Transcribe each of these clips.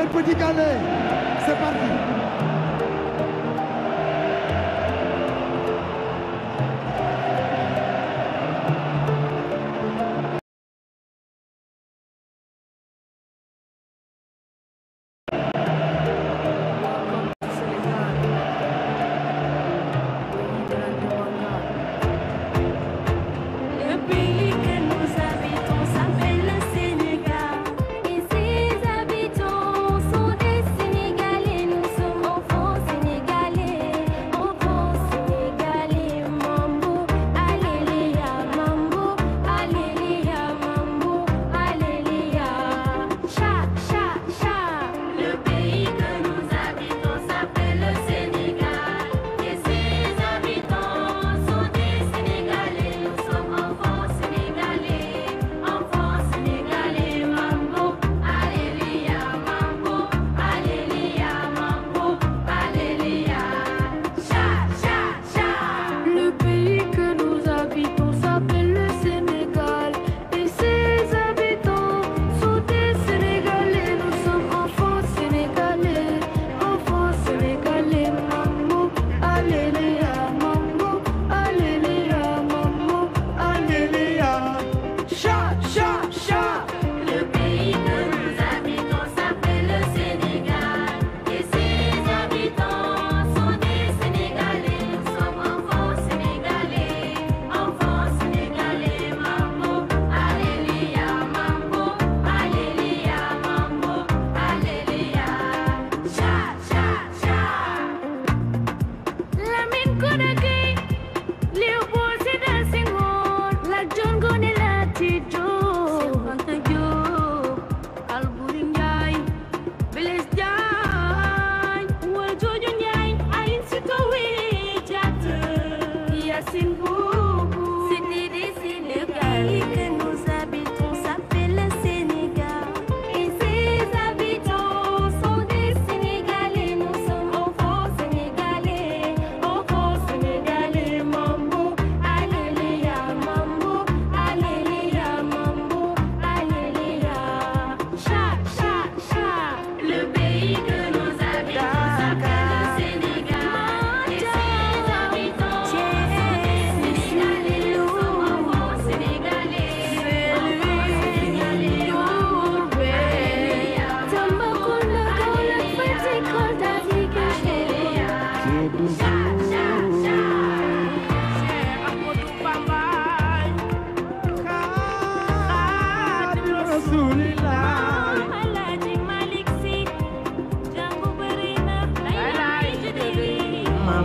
c'est le petit Gallé c'est parti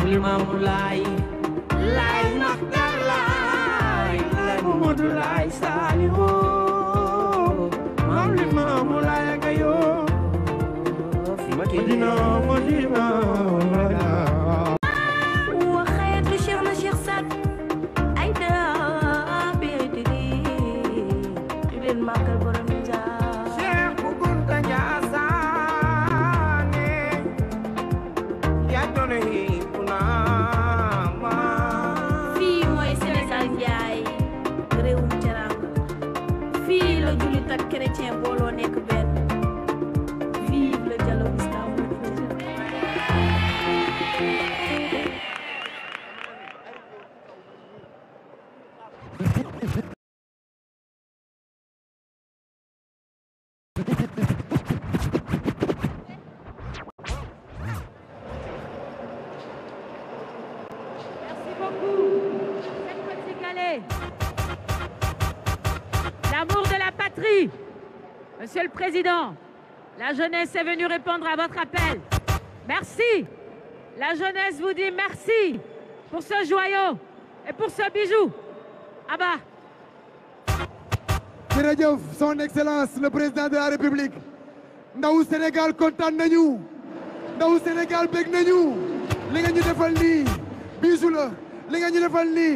maam limaamu laay laay maxtar laay laay mamadu laay saalihu maam limaamu laay a gayo madina madina وخيط شيخ شيخ سعد أيدا بيدري قبل ما قلبه L'amour de la patrie. Monsieur le Président, la jeunesse est venue répondre à votre appel. Merci. La jeunesse vous dit merci pour ce joyau et pour ce bijou. Ah bah. jërëjëf son excellence le président de la république ndawu Sénégal kontaan nañu ndawu Sénégal bég nañu li nga ñu defal nii biisu la li nga ñu defal nii